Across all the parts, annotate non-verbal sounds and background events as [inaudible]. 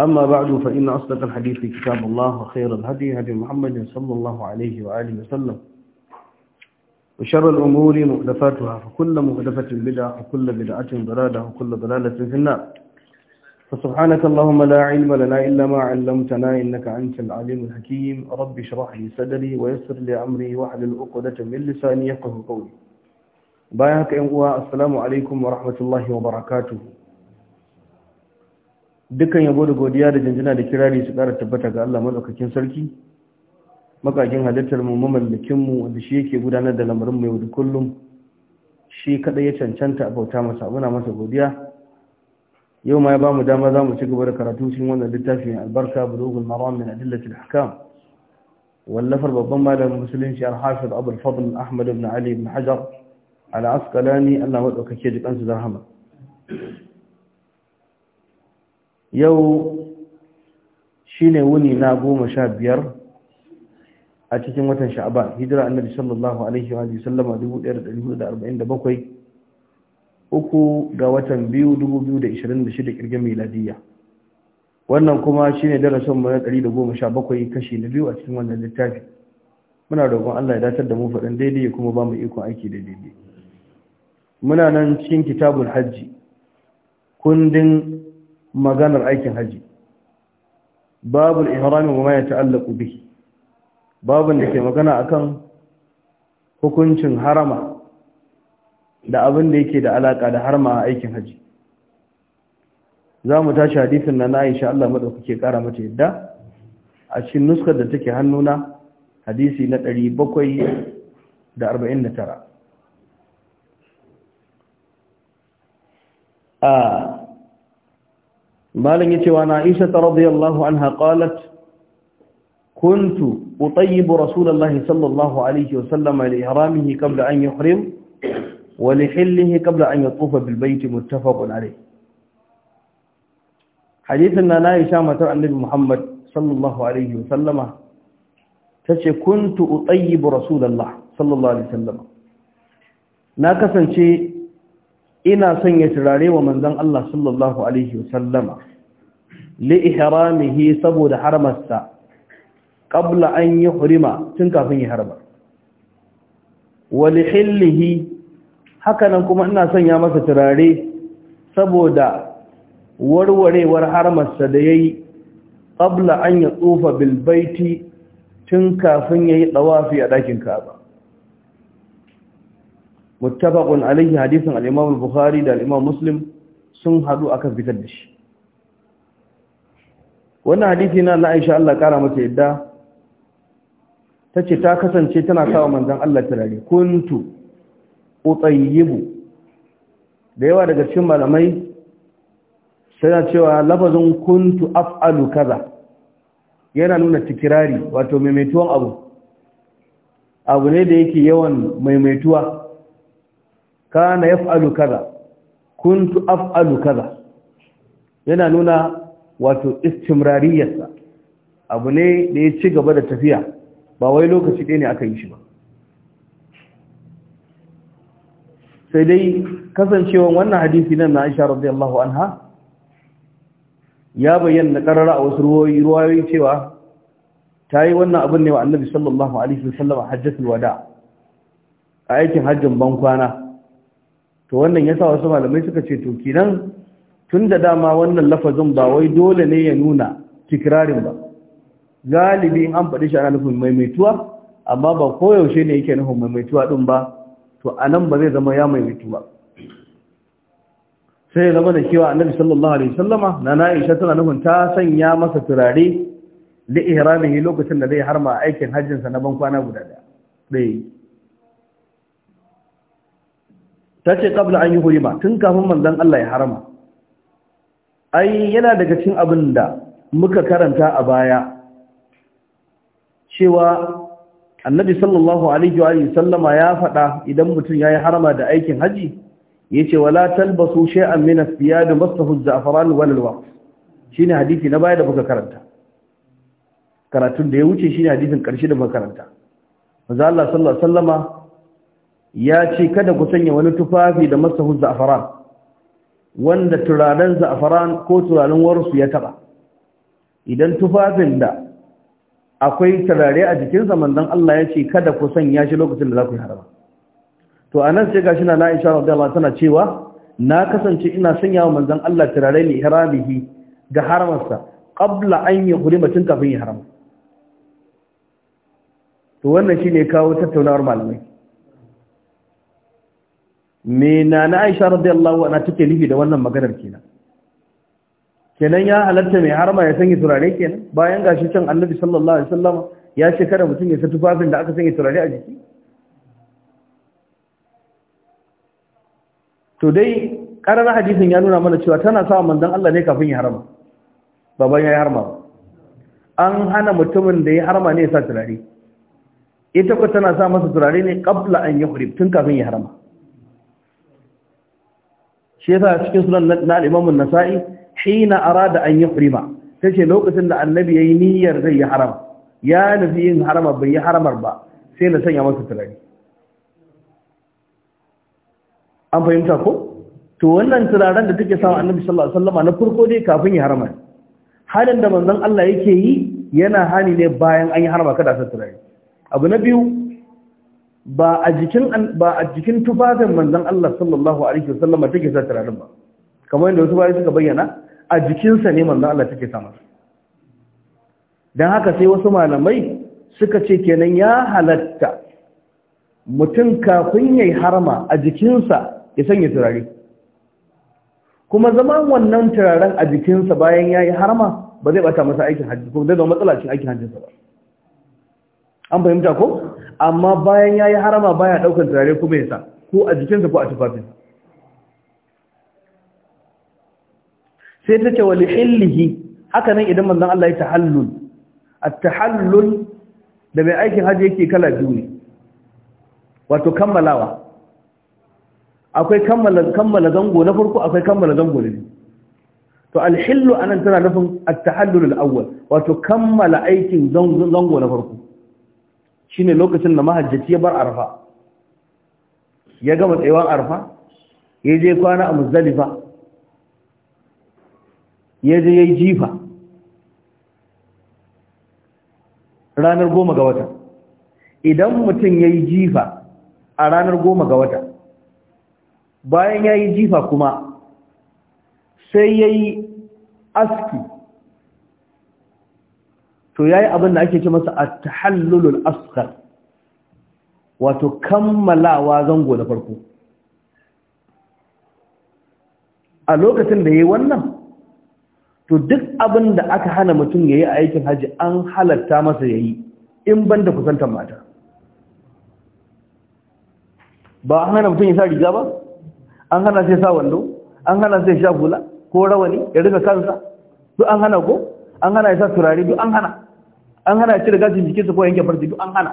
أما بعد فإن أصدق الحديث كتاب الله وخير الهدي هدي محمد صلى الله عليه وآله وسلم وشر الأمور مؤلفاتها فكل مؤلفة بدعة وكل بدعة ضلالة وكل ضلالة في النار فسبحانك اللهم لا علم لنا إلا ما علمتنا إنك أنت العليم الحكيم رب اشرح لي صدري ويسر لي أمري واحلل عقدة من لساني يفقهوا قولي بايعك أن السلام عليكم ورحمة الله وبركاته dukkan yabo da godiya da jinjina da kirari su ƙara tabbata ga Allah madaukakin sarki makakin halittar mu mamallakin mu da shi yake gudanar da lamarin mu yau da kullum shi kada ya cancanta a bauta masa muna masa godiya yau ma ya bamu dama za mu ci gaba da karatu cikin wannan littafin albarka bulugul maram min adillatil ahkam wallafar babban malamin musulunci al-hafiz abul fadl ahmad ibn ali ibn hajar al-asqalani Allah madaukake jikansu da rahama yau shine wuni na goma sha biyar a cikin watan Sha'aba, hijira annabi sallallahu alaihi wa sallama 1447 uku ga watan biyu shida, kirgin miladiyya wannan kuma shine darasin mu na 117 kashi na biyu a cikin wannan littafi muna roƙon Allah ya datar da mu faɗin daidai ya kuma ba mu ikon aiki da daidai muna nan cikin kitabul hajji kundin maganar aikin haji babu ihrami wa ma ya ta'allaku bi babun da ke magana akan hukuncin harama da abin da yake da alaka da harma a aikin haji zamu tashi hadisin nan na insha Allah kuke kara mata yadda a cikin nuskar da take hannuna hadisi na 749 a malam yace wa Aisha radiyallahu anha qalat kuntu utayyibu rasulullahi sallallahu alaihi wasallam li ihramihi qabla an yuhrim wa li hillihi qabla an yatufa bil bayt muttafaqun alayh hadithin na Aisha matar annabi Muhammad sallallahu alaihi wasallama tace kuntu utayyibu rasulullahi sallallahu alaihi wasallama na kasance ina son ya turare wa manzon Allah sallallahu alaihi wasallama li saboda harmarsa kabla an yi hurima tun kafin ya harba wa li hakanan kuma ina son ya masa turare saboda warwarewar harmarsa da yayi ƙabla an yi tsufa bilbaiti tun kafin yayi dawafi a dakin Ka'aba muttafaqun alaihi hadisin al-imam al-bukhari da al-imam muslim sun hadu akan fitar da shi wannan hadisi na Aisha Allah kara mata yadda tace ta kasance tana sawa manzon Allah turare kuntu utayyibu da yawa daga cikin malamai suna cewa lafazin kuntu af'alu kaza yana nuna tikirari wato maimaituwan abu abu ne da yake yawan maimaituwa kana yaf'alu kaza kuntu af'alu kaza yana nuna wato istimrariyarsa abu ne da ya ci gaba da tafiya ba wai lokaci ɗaya ne aka yi shi ba sai dai kasancewar wannan hadisi nan na Aisha radiyallahu anha ya bayyana karara a wasu ruwayoyi cewa ta yi wannan abin ne wa annabi sallallahu alaihi wasallam hajjatul wada a aikin hajjin bankwana to wannan yasa wasu malamai suka ce to kinan tun da dama wannan lafazin ba wai dole ne ya nuna tikirarin ba galibi an faɗi shi ana nufin maimaituwa amma ba koyaushe ne yake nufin maimaituwa ɗin ba to a nan ba zai zama ya maimaitu ba sai ya zama da cewa annabi sallallahu alaihi sallama na na'isha tana nufin ta sanya masa turare li ihramihi lokacin da zai harma aikin hajjinsa na ban kwana guda ɗaya ta ce kabla an yi hurima tun kafin manzan Allah ya harama ai yana daga cin abin da muka karanta a baya cewa annabi sallallahu alaihi wa sallama ya faɗa idan mutum ya yi harama da aikin haji ya ce wala talbasu shay'an min as-siyad masahu az-za'faran wal waqf shine hadisi na baya da muka karanta karatun da ya wuce shine hadisin karshe da muka karanta manzo Allah sallallahu alaihi ya ce kada ku sanya wani tufafi da masahu za'afaran wanda turaren za'afaran ko turaren warsu ya taba idan tufafin da akwai turare a jikinsa zamanin Allah ya ce kada ku sanya shi lokacin da za ku yi haraba to a nan sai shi na Aisha Allah tana cewa na kasance ina sanya wa manzon Allah turare ne ihramihi ga haramarsa qabla an yuhrima tun kafin ya harama to wannan shine kawo tattaunawar malamai me na na aisha radiyallahu anha take nufi da wannan maganar kenan kenan ya halatta mai harma ya sanya turare kenan bayan gashi can annabi sallallahu alaihi wasallam ya ce kada mutum ya sa tufafin da aka sanya turare a jiki to dai karar hadisin ya nuna mana cewa tana sa manzon Allah ne kafin ya harma baban ya harma an hana mutumin da ya harma ne ya sa turare ita ko tana sa masa turare ne qabla an yuhrib tun kafin ya harma shi yasa cikin sunan na al-Imam an-Nasa'i hina arada an yuhrima tace lokacin da annabi yayi niyyar zai yi haram ya nufi yin harama bai yi haramar ba sai na sanya masa turare an fahimta ko to wannan turaren da take sawa annabi sallallahu alaihi wasallam na farko dai kafin ya haramar halin da manzon Allah yake yi yana hani ne bayan an yi harama kada sa turare abu na biyu ba a jikin ba a jikin tufafin manzon Allah sallallahu alaihi wasallam take sa turaren ba kamar yadda wasu bayan suka bayyana a jikinsa ne manzon Allah take sa masa dan haka sai wasu malamai suka ce kenan ya halatta mutum kafin yayi harama a jikinsa ya sanya turare kuma zaman wannan turaren a jikinsa bayan yayi harama ba zai bata masa aikin hajji ko zai zama matsalacin cikin aikin hajjinsa ba an fahimta ko amma bayan ya yi harama baya daukar turare kuma ya sa ko a jikinsa ko a tufafin sai ta ce wali hillihi haka nan idan manzan Allah ya tahallul a tahallul da mai aikin hajji yake kala biyu ne wato kammalawa akwai kammala zango na farko akwai kammala zango na biyu to alhillu anan tana nufin at-tahallul al-awwal wato kammala aikin zango na farko ne lokacin da mahajjaci ya bar arfa ya gama tsayuwar arfa ya je kwana a muzalifa ya je ya yi jifa ranar goma ga wata idan mutum ya yi jifa a ranar goma ga wata bayan ya yi jifa kuma sai ya yi aski to ya yi abin da ake ce masa a tahallulul asghar wato kammalawa zango da farko a lokacin da yayi wannan to duk abin da aka hana mutum yayi a aikin haji an halatta masa yayi in banda kusantar mata ba an hana mutum ya sa riga ba an hana sai sa wando an hana sai sha hula ko rawani ya rika kansa duk an hana ko an hana ya sa turare duk an hana an hana cire gashin jikinsa ko yanke farji duk an hana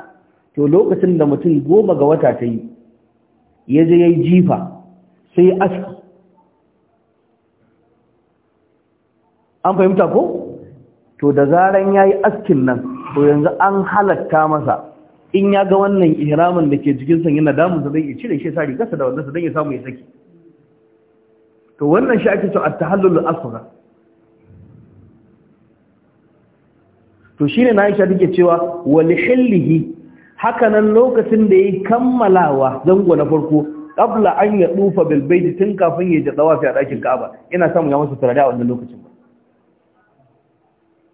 to lokacin da mutum goma ga wata ta yi ya je ya yi jifa sai aski an fahimta ko to da zaran ya yi askin nan to yanzu an halatta masa in ya ga wannan ihramin da ke jikinsa yana damunsa zai iya cire shi sa rigarsa da wannan su don ya samu ya saki to wannan shi ake cewa a tahallul asghar to shine na Aisha take cewa walihillihi haka nan lokacin da yayi kammalawa zango na farko qabla an ya dufa bil bayt tun kafin ya jadawa fi dakin Ka'aba ina samun ya masa turada a wannan lokacin ba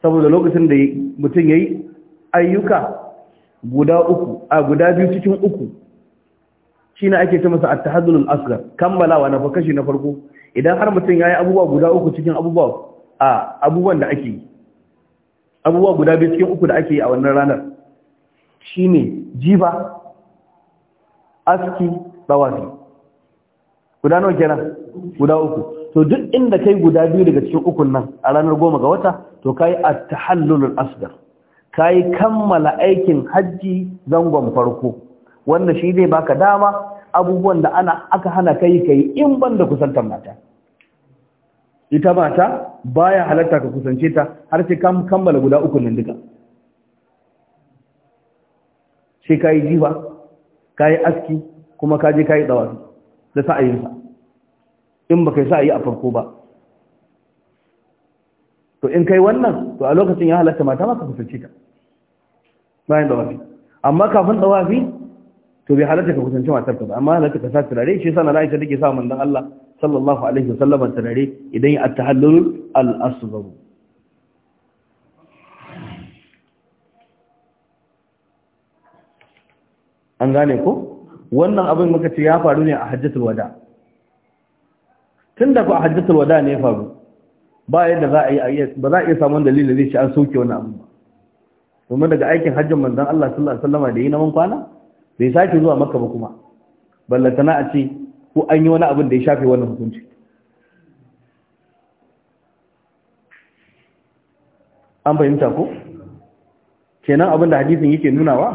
saboda lokacin da mutum yayi ayyuka guda uku a guda biyu cikin uku shine ake ce masa at-tahaddul asghar kammalawa na kashi na farko idan har mutum yayi abubuwa guda uku cikin abubuwa a abubuwan da ake yi abubuwa guda biyu cikin uku da ake yi a wannan ranar shine jiba aski tsawafi guda nawa kenan guda uku to duk inda kai guda biyu daga cikin ukun nan a ranar goma ga wata to kayi at-tahallulul asghar kayi kammala aikin hajji zangon farko wanda shi zai baka dama abubuwan da ana aka hana kai kai in banda kusantar mata ita mata baya halatta ka kusance ta har sai ka kammala guda uku nan duka sai ka yi jiwa ka yi aski kuma ka je ka yi tsawafi da sa'ayinsa in ba kai sa'ayi a farko ba to in kai wannan to a lokacin ya halatta mata ma ka kusance ta bayan tsawafi amma kafin tsawafi to bai halatta ka kusance matar ka ba amma halatta ka sa turare shi sana na aisha take sa manzon Allah sallallahu alaihi wasallam tanare idan ya at-tahallul al-asghar an gane ko wannan abin muka ce ya faru ne a hajjatul wada tunda ko a hajjatul wada ne ya faru ba yadda za a yi ba za a iya samun dalilin zai ci an soke wani abu ba domin daga aikin hajjin manzon Allah sallallahu alaihi wasallam da yi na man kwana bai sake zuwa makka ba kuma ballantana a ce ko an yi wani abin da ya shafe wannan hukunci an fahimta ko kenan abin da hadisin yake nunawa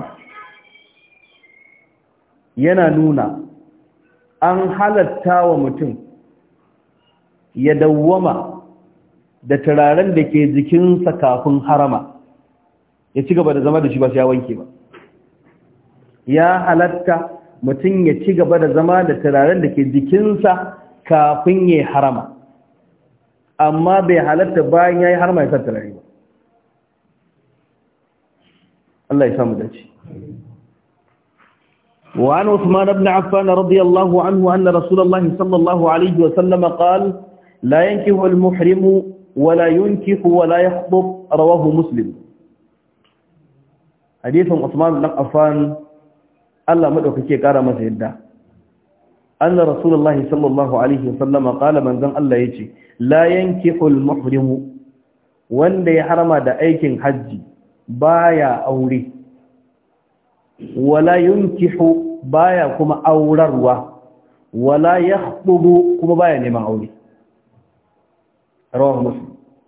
yana nuna an halatta wa mutum ya dawwama da turaren da ke jikinsa kafin harama ya ci gaba da zama da shi ba sai ya wanke ba ya halatta mutum ya ci gaba da zama da turaren da ke jikinsa kafin ya harama amma bai halatta bayan ya yi harama ya sa turare ba Allah ya samu dace وعن عثمان بن عفان رضي الله عنه أن رسول الله صلى الله عليه وسلم قال لا ينكح المحرم ولا ينكح ولا يخطب رواه مسلم حديث عثمان بن عفان Allah madaukake ya kara masa yadda anna rasulullahi sallallahu alaihi wasallama qala manzon Allah yace la yankihul muhrimu wanda ya harama da aikin haji baya aure wala yunkihu baya kuma aurarwa wala yakhdubu kuma baya neman aure rawahu muslim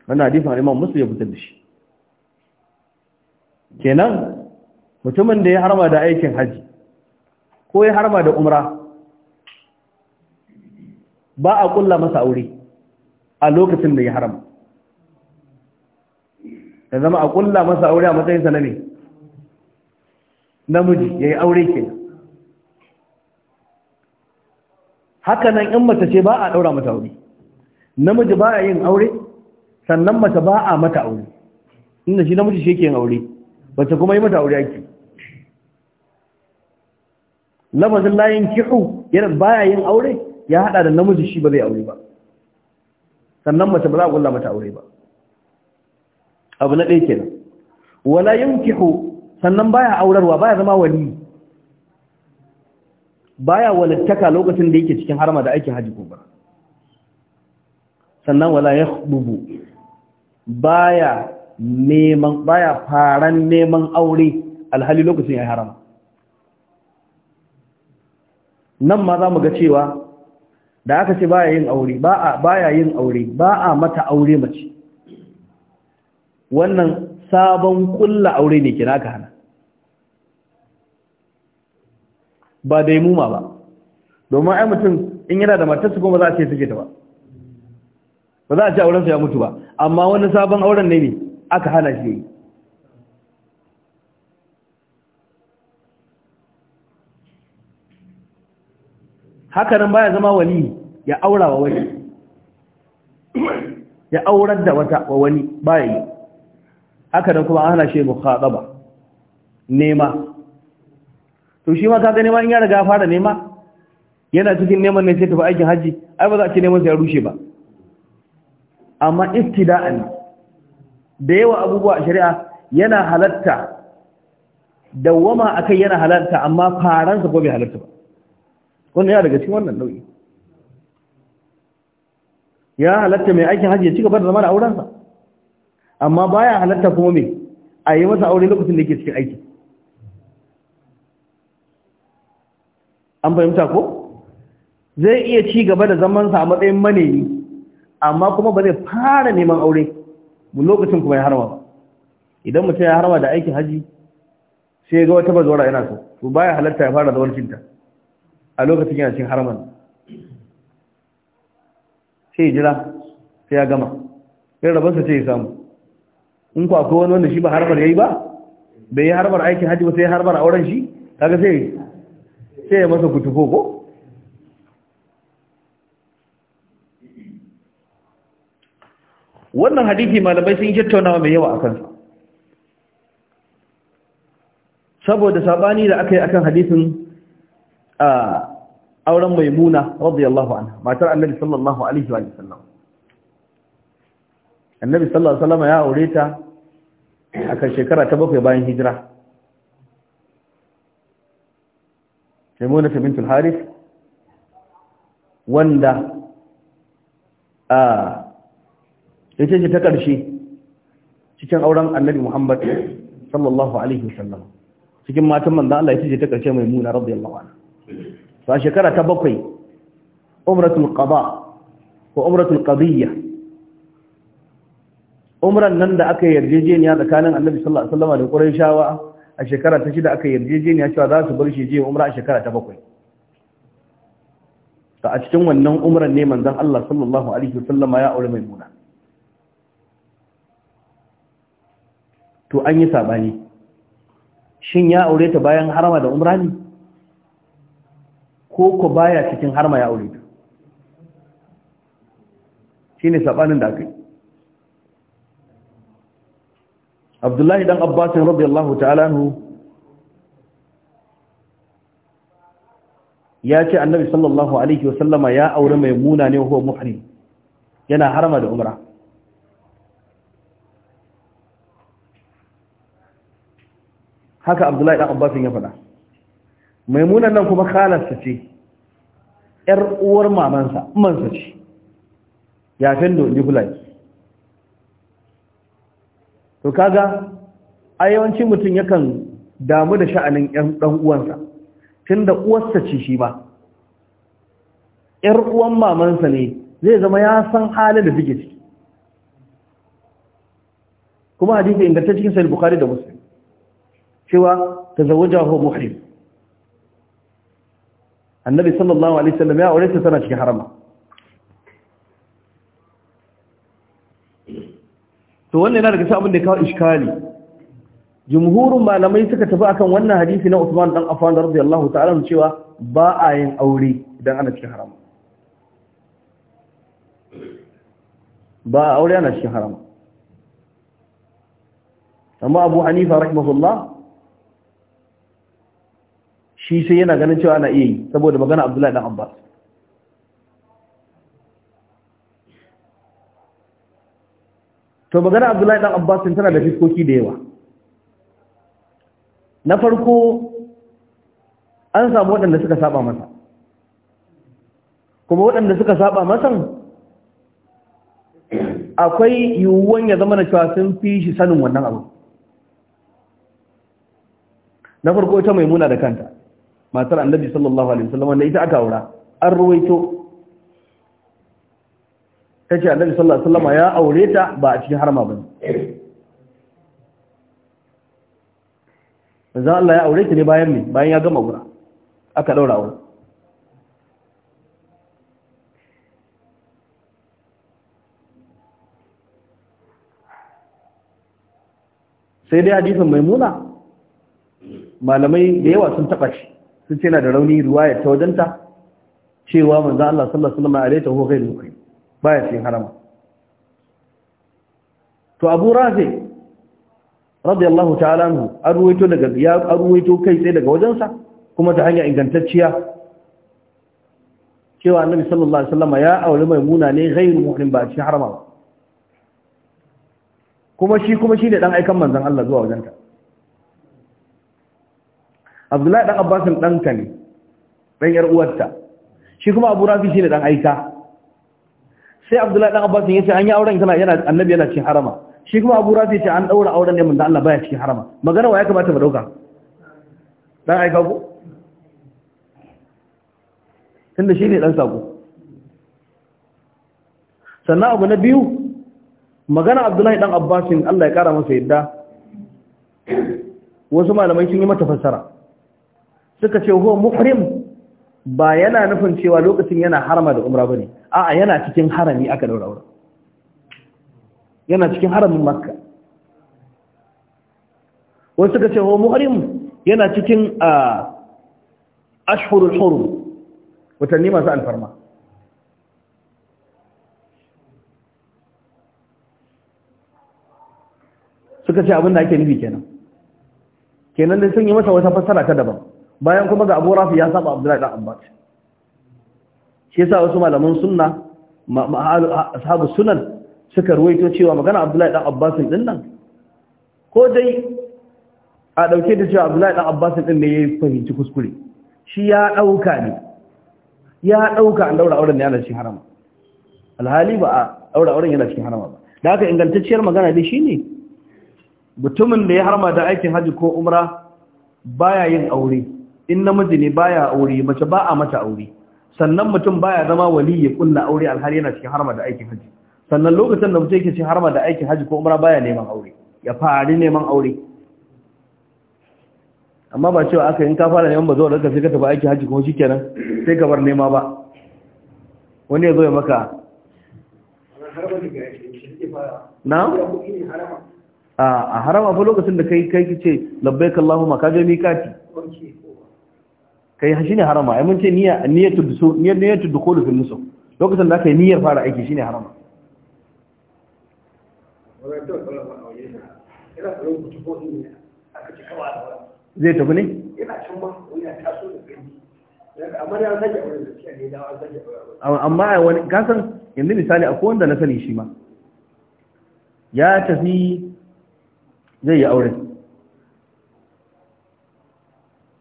wannan hadisin Imam Muslim ya fitar da shi kenan mutumin da ya harama da aikin haji ko ya harba da umra ba a kulla masa aure a lokacin da ya harama ya zama a kulla masa aure a matsayinsa na ne namiji ya yi aure ke haka nan in mace ce ba a ɗaura mata aure namiji ba a yin aure sannan mace ba a mata aure inda shi namiji shi ke yin aure wata kuma yi mata aure ake lafazin layin kihu yana baya yin aure ya hada da namiji shi ba zai aure ba sannan mace ba za a kulla mata aure ba abu na ɗaya kenan wala kihu sannan baya aurarwa baya zama wali baya walittaka lokacin da yake cikin harma da aikin hajji kubra sannan wala yakhdubu baya neman baya faran neman aure alhali lokacin ya harama nan ma za mu ga cewa da aka ce baya yin aure baya yin aure ba a mata aure mace wannan sabon kulla aure ne kira ka hana ba da muma ba domin ai mutum in yana da matarsa kuma za a ce suke ta ba ba za a ce aurensa ya mutu ba amma wani sabon auren ne ne aka hana shi haka nan baya zama wali ya aura wa wani ya aurar da wata wa wani baya yi haka nan kuma ana shi mukhadaba nema to shi ma kaga nema in ya riga fara nema yana cikin neman ne sai tafi aikin haji ai ba za a ce neman sai ya rushe ba amma ibtida'an da yawa abubuwa a shari'a yana halatta dawwama akai yana halatta amma faransa ko bai halatta ba wannan ya daga cikin wannan nau'i ya halatta mai aikin hajji ya ci gaba da zama da aurensa amma baya halatta kuma mai a yi masa aure lokacin da yake cikin aiki an fahimta ko zai iya ci gaba da zamansa a matsayin manemi amma kuma ba zai fara neman aure mu lokacin kuma ya harwa ba idan mutum ya harwa da aikin hajji sai ga wata bazawara yana so to baya halatta ya fara cinta. a lokacin yana cin harman sai jira sai ya gama sai rabarsa ce ya samu in ku akwai wani wanda shi ba harbar ya yi ba bai yi harbar aikin hajji ba sai harbar auren shi kaga sai sai ya masa kutu ko wannan hadithi malamai sun yi tattaunawa mai yawa a kansa saboda sabani da aka yi akan hadisin auren maimuna radiyallahu anha matar annabi sallallahu alaihi wa sallam annabi sallallahu alaihi ya aure ta a kan shekara ta bakwai bayan hijira maimuna ta bintul harith wanda a yace ce ta ƙarshe cikin auren annabi Muhammad sallallahu alaihi wa sallam cikin matan manzo Allah ya ce ta ƙarshe maimuna radiyallahu anha to a shekara ta bakwai umratul qada ko umratul qadiyya umran nan da aka yarjejeniya tsakanin annabi sallallahu alaihi wasallam da quraishawa a shekara ta shida aka yarjejeniya cewa za su bar shi je umra a shekara ta bakwai ta a cikin wannan umran ne manzon Allah sallallahu alaihi wasallam ya aure maimuna to an yi sabani shin ya aure ta bayan harama da umra ne ko ku baya cikin har ma ya aure ta shine sabanin da aka yi Abdullahi dan Abbas radiyallahu ta'ala anhu ya ce annabi sallallahu alaihi wasallama ya aure mai muna ne huwa muhrim yana harama da umra haka abdullahi ɗan abbasin ya faɗa maimunan nan kuma khalarsa ce ‘yar uwar mamansa mansa ce yafin da nikolai to kaga a yawancin mutum yakan damu da sha'anin ‘yan ɗan'uwansa, tun da uwarsa ce shi ba ‘yar uwan mamansa ne zai zama ya san halin da suke ciki kuma hadisi inganta cikin sai bukari da muslim cewa tazawwajahu muhrim annabi sallallahu alaihi wasallam ya aure ta tana cikin harama to wannan yana daga cikin abin da ya kawo iskali jumhurun malamai suka tafi akan wannan hadisi na Usman dan Affan radiyallahu ta'ala cewa ba a yin aure idan ana cikin harama ba a aure ana cikin harama amma Abu Hanifa rahimahullah shi sai yana ganin cewa ana iya yi saboda magana abdullahi dan abbas to magana abdullahi dan abbas tana da fiskoki da yawa na farko an samu waɗanda suka saba masa kuma waɗanda suka saba masan akwai yiwuwan ya zama na cewa sun fi shi sanin wannan abu na farko ita maimuna da kanta matar annabi sallallahu alaihi wasallam wanda ita aka aura an ruwaito kace annabi sallallahu alaihi wasallam ya aure ta ba a cikin harama bane manzo Allah ya aure ta ne bayan ne, bayan ya gama gura aka daura aure sai dai hadisin maimuna malamai da yawa sun taba shi sun ce na da rauni riwaya ta wajenta cewa manzan Allah sallallahu alaihi wasallam alaita ho gairu ba baya cin harama to Abu Rafi radiyallahu ta'ala anhu arwaito daga ya arwaito kai tsaye daga wajensa kuma ta hanya ingantacciya cewa annabi sallallahu alaihi wasallam ya aure muna ne gairu muhrim ba shi harama ba kuma shi kuma shi ne dan aikan manzan Allah zuwa wajenta abdullahi dan abbasin ɗanka ne ɗan yar uwarta shi kuma abu rafi shi ne ɗan aika sai abdullahi dan abbasin ya ce an yi auren kana yana annabi yana cikin harama shi kuma abu rafi ce an ɗaura auren ne mun da Allah baya cikin harama magana wa ya kamata mu ɗauka ɗan aika ko tunda shi ne ɗan sako sannan abu na biyu magana abdullahi ɗan abbasin Allah ya ƙara masa yadda wasu malamai sun yi mata fassara suka ce huwa muhrim ba yana nufin cewa lokacin yana harama da umra bane a'a yana cikin harami aka daura wurin yana cikin haramin makka wasu suka ce huwa muhrim yana cikin ashhurul hurum watanni masu alfarma suka ce abin da ake nufi kenan kenan dai sun yi masa wata fassara ta daban bayan kuma ga abu rafi ya saba abdullahi ɗan abbas shi yasa wasu malaman suna ah, ashabu sunan suka ruwaito cewa magana abdullahi ɗan abbas ɗin nan ko dai a ɗauke da cewa abdullahi ɗan abbas ɗin ne ya fahimci kuskure shi ya ɗauka ne ya ɗauka an ɗaura auren yana cikin harama alhali ba a ɗaura auren yana cikin harama ba da haka ingantacciyar magana dai shine mutumin da ya harma da aikin hajji ko umra baya yin aure in namiji ne baya aure mace ba a mata aure sannan mutum baya zama wali ya kulla aure alhari yana cikin harma da aikin haji sannan lokacin da mutum yake cikin harma da aikin haji ko umra baya neman aure ya fari neman aure amma ba cewa aka yin ka fara neman bazo da sai ka tafi aikin haji kuma shikenan sai ka bar nema ba wani ya zo ya maka na a harama fa lokacin da kai kai ce labbaik allahumma ka je mikati kai shine harama ai mun ce niyya niyyatu dusu niyyatu dukhul fil nusuk lokacin da kai niyyar fara aiki shine harama zai tafi ne amma ya wani kasan yanzu misali a kowanda na sani shi ma ya tafi zai yi aure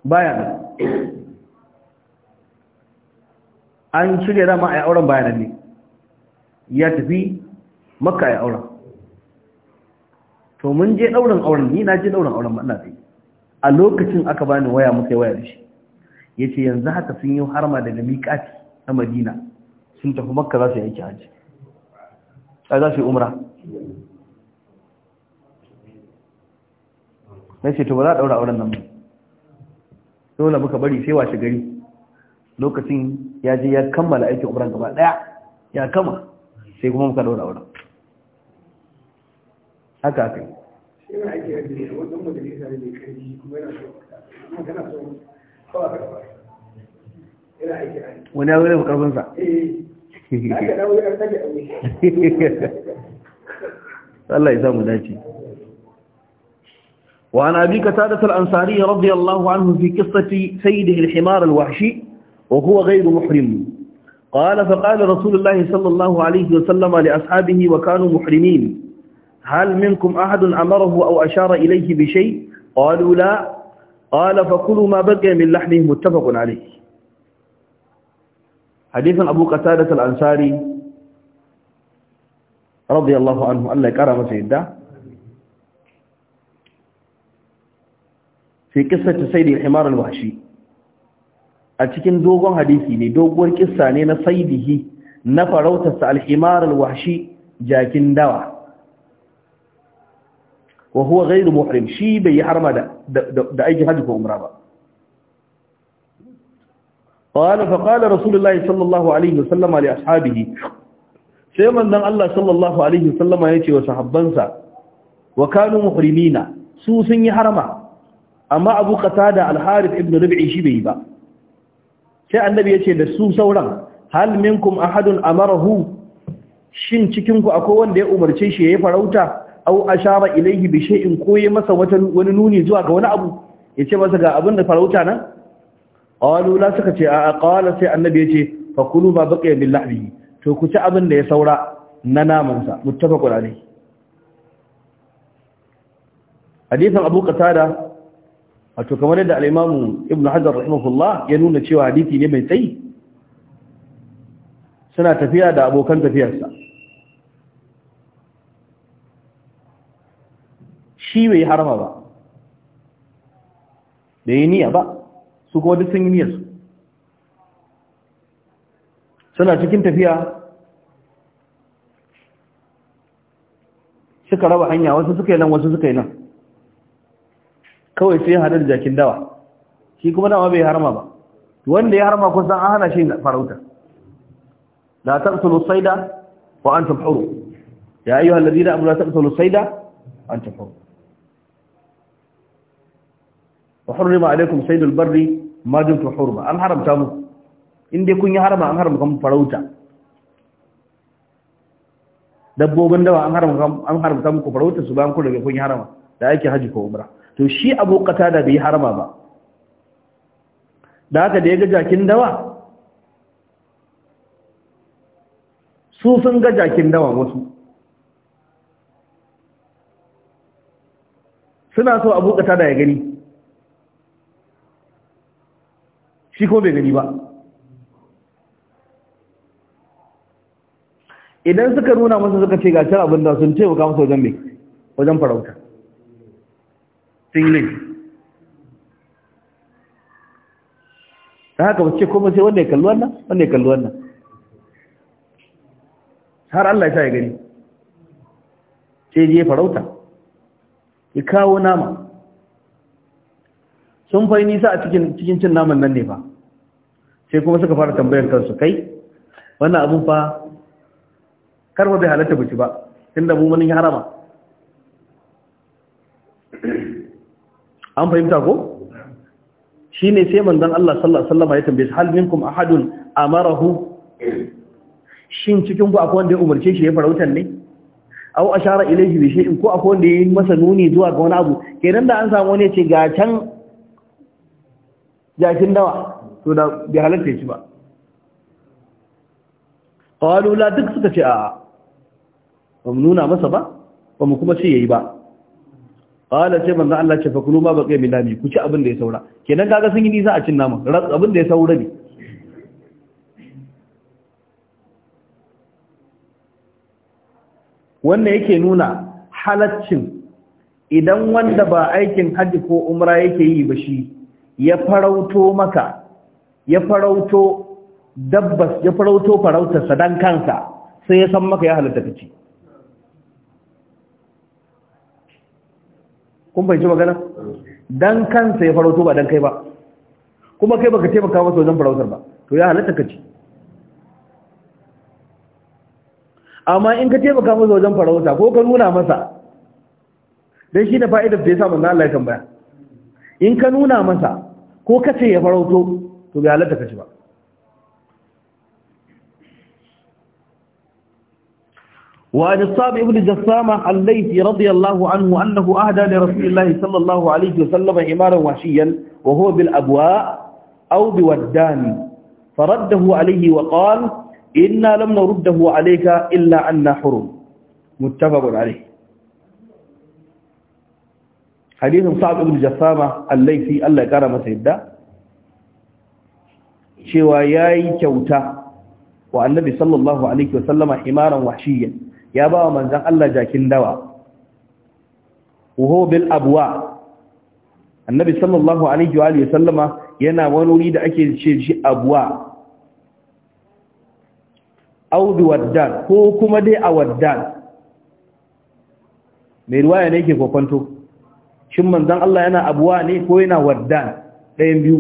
bayan an shirya dama a yi auren bayanan ne ya tafi makka a yi auren to mun je ɗaurin auren ni na je ɗaurin auren ba ina a lokacin aka bani waya muka yi waya da shi ya ce yanzu haka sun yi harma daga miƙati na madina sun tafi makka za su yanki hajji a za su yi umra na ce to ba za a ɗaura auren nan ba dole muka bari sai washe gari lokacin ya je ya kammala aiki umran gaba daya ya kama sai kuma muka daura wurin haka haka wani ya zo ne karfinsa eh, [laughs] Allah ya samu dace وعن أبي كتادة الأنصاري رضي الله عنه في قصة سيده الحمار الوحشي وهو غير محرم قال فقال رسول الله صلى الله عليه وسلم لأصحابه وكانوا محرمين هل منكم أحد أمره أو أشار إليه بشيء قالوا لا قال فكلوا ما بقي من لحمه متفق عليه حديث أبو قتادة الأنصاري رضي الله عنه أن كرم سيدا في قصة سيد الحمار الوحشي a cikin dogon hadisi ne doguwar kissa ne na saidihi na farautarsa alhimarar washi jakin dawa wa huwa ghairu muhrim shi bai yi harma da da aikin hajji ko umra ba qala fa qala rasulullahi sallallahu alaihi wasallam li ashabihi sai manzon Allah sallallahu alaihi wasallam yace wa sahabbansa wa kanu muhrimina su sun yi harma amma abu qatada al harith ibn rib'i shi bai yi ba sai annabi ya ce da su sauran hal minkum ahadun amarahu shin cikin ku akwai wanda ya umarce shi ya yi farauta Au ashara ilaihi bi shay'in ko yayi masa wata wani nuni zuwa ga wani abu yace masa ga abin da farauta nan qalu la suka ce a qala sai annabi yace fa kulu ma baqiya bil lahmi to ku ci abin da ya saura na naman sa muttafaqun alayhi hadithan abu qatada wato kamar yadda al’imamu Ibn Hajar rahimahullah ya nuna cewa hadisi ne mai tsayi suna tafiya da abokan tafiyarsa shi bai harama ba da yi niya ba su kuma duk sun yi niyarsu suna cikin tafiya suka raba hanya wasu suka yi nan wasu suka yi nan kawai sai hadar jakin dawa shi kuma dama bai harma ba wanda ya harma kun an hana shi farauta la taqtulu sayda wa antum hurum ya ayyuhal ladina amanu la taqtulu sayda antum hurum wa hurrima alaykum saydul barri ma dumtum hurma an haramta mu Inde kun yi harma an haramta kan farauta dabbobin dawa an haramta muku farauta su bayan kun daga kun yi harama da ake haji ko umra to shi abu da bai harma ba da haka da ya ga jakin dawa su sun ga jakin dawa wasu suna so abu da ya gani shi ko bai gani ba idan suka nuna masa suka ce ga cin abin da sun ce masa wajen mai wajen farauta sun ta haka ba ce kuma sai wanda ya kalli wannan wanda ya kalli wannan har Allah ya sa ya gani sai je farauta ya kawo nama sun fai nisa a cikin cin naman nan ne ba sai kuma suka fara tambayar kansu kai wannan abun fa karfa bai halatta buci ba tun da mu munin harama an fahimta ko shine sai manzon Allah sallallahu alaihi wasallam ya tambaye hal minkum ahadun amarahu shin cikin ku akwai wanda ya umarce shi ya farautan ne aw ashara ilayhi bi shay'in ko akwai wanda ya yi masa nuni zuwa ga wani abu kenan da an samu wani ya ce ga can jakin dawa to da bai halatta shi ba qalu la duk suka ce a ba mu nuna masa ba ba mu kuma ce yayi ba qala ce manzo Allah ce fakulu ma baqiya min lami ku ci abin da ya saura kenan kaga sun yi nisa a cin naman abin da ya saura ne wannan yake nuna halaccin idan wanda ba aikin haji ko umra yake yi ba shi ya farauto maka ya farauto dabbas ya farauto farautarsa dan kansa sai ya san maka ya halatta kaci kun fahimci magana dan kansa ya farauto ba dan kai ba kuma kai baka taimaka masa wajen farautar ba to ya halatta ka ci amma in ka taimaka masa wajen farauta ko ka nuna masa dan shi da fa'idar da ya sa manzo Allah ya tambaya in ka nuna masa ko ka ce ya farauto to ya halatta ka ci ba وعن الصاب ابن جسامة الليثي رضي الله عنه أنه أهدى لرسول الله صلى الله عليه وسلم حمارا وحشيا وهو بالأبواء أو بودان فرده عليه وقال إنا لم نرده عليك إلا أن حرم متفق عليه حديث صعب ابن جسامة الليثي الله كرم سيدا شواياي كوتا وعن النبي صلى الله عليه وسلم حمارا وحشيا ya ba wa manzan Allah jakin dawa uho bil abuwa annabi sallallahu alaihi wa sallama yana wani wuri da ake ce shi abuwa audu waddan ko kuma dai a waddan mai ruwaya ne ke kwakwanto shin manzan Allah yana abuwa ne ko yana waddan ɗayan biyu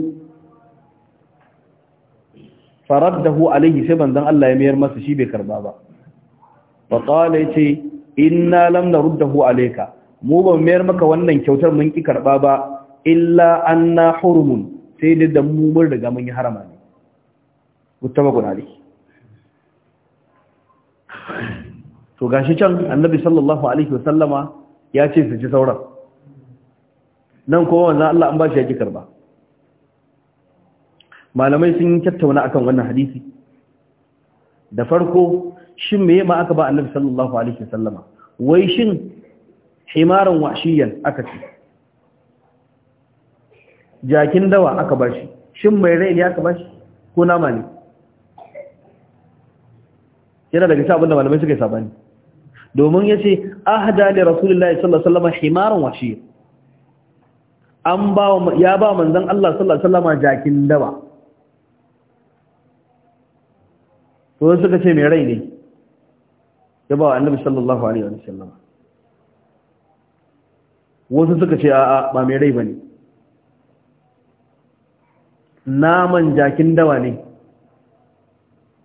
faraddahu alaihi sai manzan Allah ya mayar masa shi bai karba ba ce, qala yace inna lam naruddahu alayka mu ba mayar maka wannan kyautar mun ki karba ba illa anna hurumun sai da da mu mun riga mun yi harama ne mutabakun ne. to gashi can annabi sallallahu alaihi wasallama ya ce su ji sauran nan kuma wannan Allah an ba shi ya ki karba malamai sun tattauna akan wannan hadisi da farko shin me ma aka ba annabi sallallahu alaihi wasallama wai shin himaran washiyan aka ce jakin dawa aka shi. shin mai rai ne aka shi? ko nama ne yana daga cikin abinda malamai suka yi sabani domin yace ahda li rasulullahi sallallahu alaihi wasallama himaran washiyan an ba ya ba manzon Allah sallallahu alaihi wasallama jakin dawa to suka ce mai rai ne Yaba wa annabi sallallahu alaihi wa sallam wasu suka ce a'a ba mai rai bane naman jakin dawa ne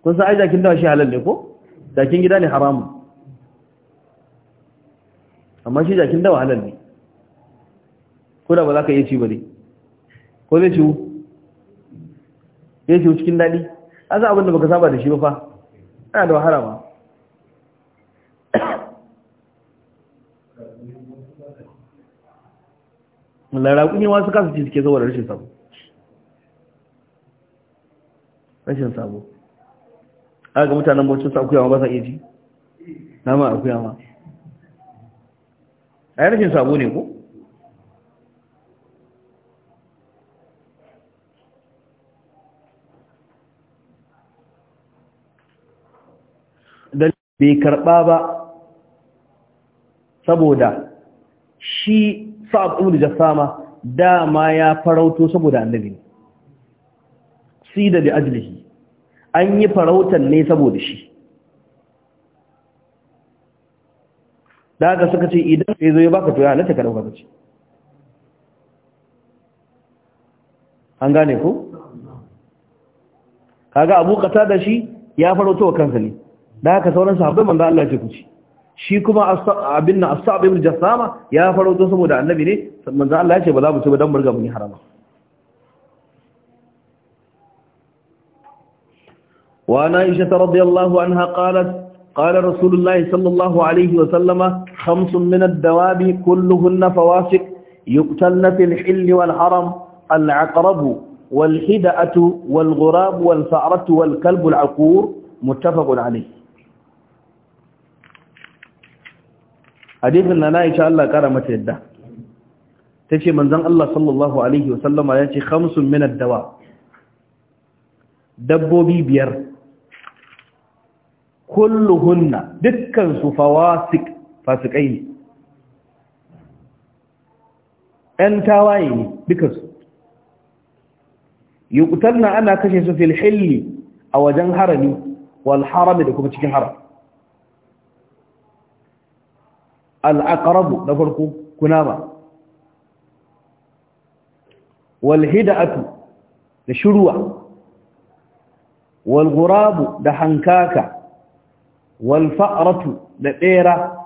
kun san ai jakin dawa shi halal ne ko jakin gida ne haramu. amma shi jakin dawa halal ne ko da ba za ka iya ci ba ne ko zai ciwu zai ciwu cikin daɗi a za abinda baka saba da shi ba fa ana da wahala ba laraku ne wasu kasa ce suke saboda rashin sabo rashin sabo aka ga mutanen baucin su akuyawa ba sa iya ji nama akuyawa a yi rashin sabo ne ko bai karɓa ba saboda shi sa'ab ibn jasama dama ya farauto saboda annabi sida da ajlihi an yi farautan ne saboda shi daga suka ce idan sai zo ya baka to na ce ka dauka bace an gane ku? kaga abu kasa da shi ya farauto kansa ne da haka abu sahabbai manzan Allah ya ce ku ci shi kuma abin na asab ibn jasama ya faro don saboda annabi ne manzo Allah ya ce ba za mu ci ba dan murga mun yi harama wa ana aisha radiyallahu anha qalat qala rasulullah sallallahu alaihi wa sallama khamsun min ad-dawab kulluhunna fawasik yuqtalna fil hil wal haram al-aqrab wal hida'atu wal ghurab wal fa'ratu wal kalb al-aqur muttafaq alayhi hadisin na Aisha Allah kara mata yadda tace manzon Allah sallallahu alaihi wasallama yace khamsun min ad-dawa dabbobi biyar kulluhunna dukkan su fawasik fasikai ne ɗan tawaye ne dukansu yukutar na ana kashe su fil hilli a wajen harami wal harami da kuma cikin haram العقرب نفرق كنابة والهدأة لشروع والغراب لحنكاكة والفأرة لقيرة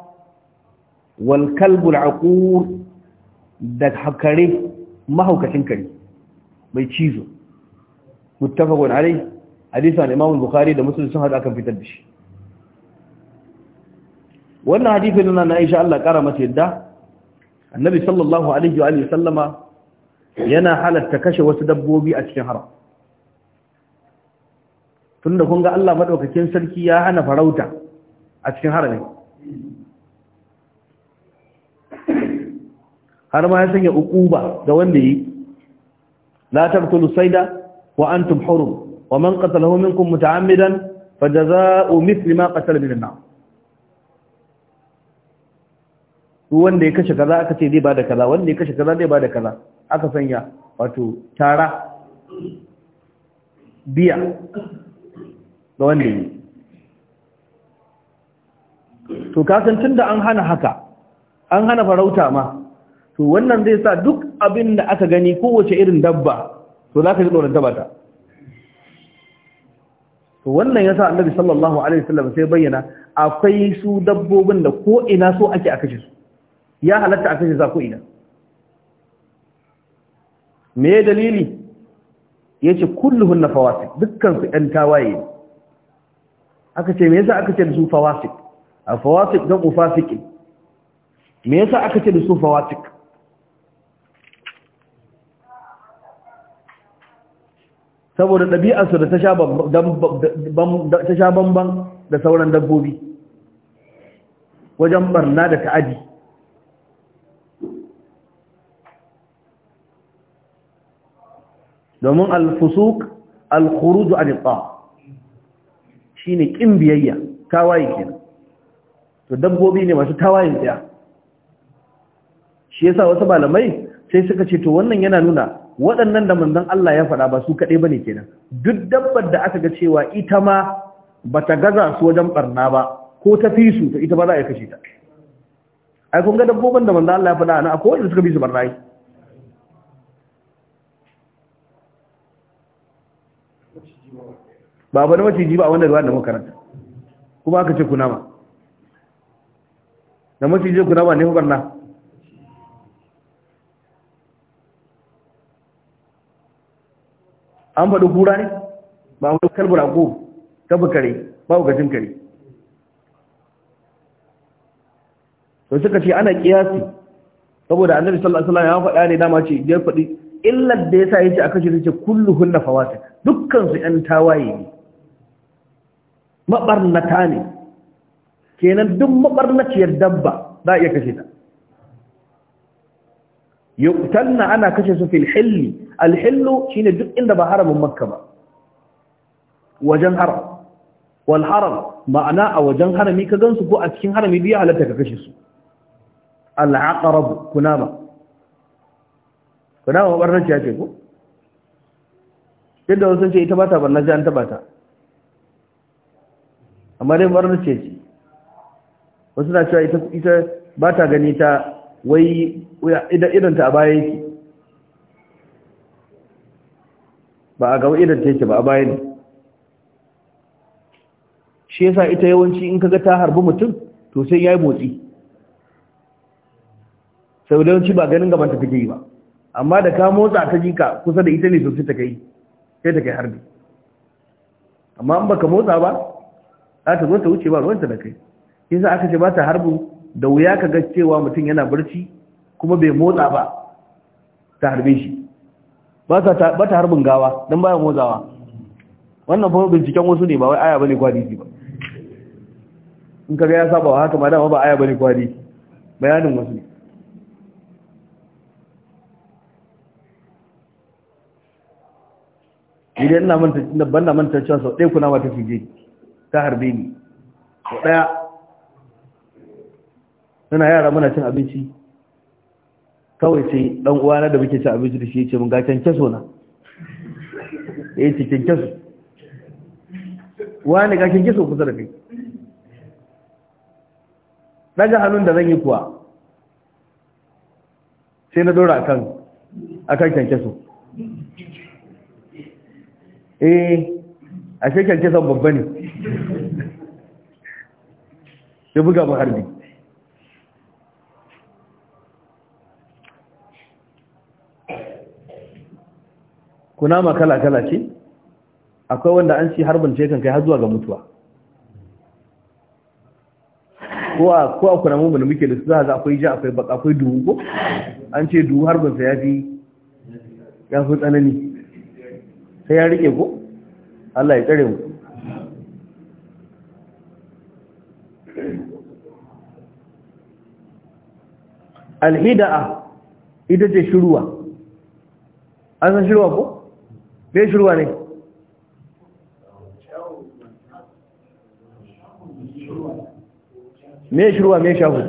والكلب العقور لحكري ما هو كحنكري بيتشيزو متفق عليه حديثة الإمام البخاري ده مسلسل سهد أكم في تلبشي wannan hadisin nan na Aisha Allah kara mata yadda annabi sallallahu alaihi wa sallama yana halatta kashe wasu dabbobi a cikin haram tunda kun ga Allah madaukakin sarki ya hana farauta a cikin harami har ma ya sanya ukuba ga wanda yi la taqtulu sayda wa antum hurum wa man qatalahu minkum muta'ammidan fajaza'u mithli ma qatala min an duk wanda ya kashe kaza aka ce zai bada kaza wanda ya kashe kaza zai bada kaza aka sanya wato tara biya ga wanda yi to tun da an hana haka an hana farauta ma to wannan zai sa duk abin da aka gani kowace irin dabba to za ka ji tsoron dabata to wannan ya sa annabi sallallahu alaihi wasallam sai bayyana akwai su dabbobin da ko ina so ake a kashe su ya halatta a kashe ku ina me ya dalili Ya ce kulluhun na fawasik dukkansu ɗan tawaye ne aka ce me yasa aka ce da su fawasik a fawasik don ufasiki me yasa aka ce da su fawasik saboda ɗabi'arsu da ta sha bambam da sauran dabbobi wajen barna da ta'adi domin alfusuk alkhuruju a khuruj Shi shine kin biyayya tawaye kenan to dabbobi ne masu tawayen tsaya shi yasa wasu malamai sai suka ce to wannan yana nuna waɗannan da manzon Allah ya faɗa ba su ba ne kenan duk dabbar da aka ga cewa ita ma ba ta gaza su wajen ɓarna ba ko ta fi su to ita ba za a kashe ta ai kun ga dabbobin da manzon Allah ya faɗa na akwai wanda suka bi su yi. ba ba da maciji ba a wannan ruwan da makaranta kuma aka ce kunama da maciji ba ne na? an faɗi kura ne ba wani kalbura ko tabi kare ba gajin kare to suka ce ana kiyasi saboda annabi sallallahu alaihi wasallam ya faɗa ne dama ce ya faɗi illar da yasa yace aka ce kullu hunna nafawat dukkan su ƴan tawaye ne maɓarnata ne kenan duk maɓarnaciyar dabba za a iya kashe ta yuqtalna ana kashe su fil hilli al hillu shine duk inda ba haramin makka ba wajen haram wal ma'ana a wajen harami ka gansu ko a cikin harami biya halatta ka kashe su al aqrab kunama kunama barnaci ce ko yadda wasu ce ita bata ta barnaci an tabata. amma dai barna ce ce wasu na cewa ita ita ba ta gani ta wai idan idan ta a baya yake ba a gaba idan ta yake ba a baya ne shi yasa ita yawanci in kaga ta harbi mutum to sai yayi motsi sau da yawanci ba ganin gaban ta take yi ba amma da ka motsa ta jika kusa da ita ne sosai ta kai sai ta kai harbi amma in baka motsa ba ta zo ta wuce ba ruwanta da kai yasa aka ce ba ta harbu da wuya ka ga cewa mutum yana barci kuma bai motsa ba ta harbe shi ba ta harbin gawa don baya motsawa wannan fa binciken wasu ne ba wai aya bane kwadi ba in ga ya saba wa haka ma dama ba aya bane kwadi bayanin wasu ne idan ina manta ban na manta cewa sau ɗaya kuna ba ta je. ta harbe ni da ɗaya suna yara muna cin abinci kawai sai ɗan uwana da muke cin abinci da shi ya ce mun ga kyankyaso na ya ce kyankyaso wani ga kyankyaso kusa da kai daga hannun da zan yi kuwa sai na dora akan akan kyankyaso eh a shekar kisan babba ne ya buga mu harbi kunama kala-kala ce akwai wanda an ci harbin ce kai har ga mutuwa ko a kuna mummuna muke da su za akwai ja akwai baka akwai duhu ko an ce duhu harbinsa ya fi ya fi tsanani sai ya rike ko Allah ya tsare mu alhida'a ita ce shiruwa an san shiruwa ko? me shiruwa ne? me shiruwa me shahu?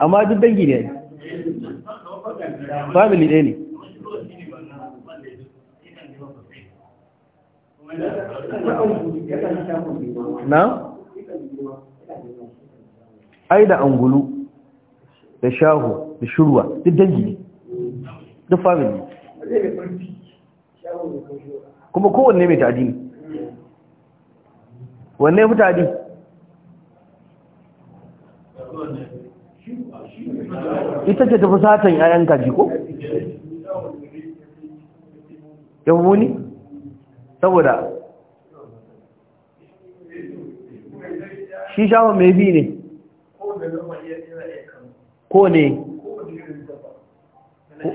amma duk dangi ne family ɗaya ne na? ai da angulu da shahu da shurwa duk dangi ne duk family kuma kowanne mai tadi ne wanne fi ta'adi? ita ce tafi satan 'ya'yan kaji ko yan saboda shi shawon mai bi ne ko ne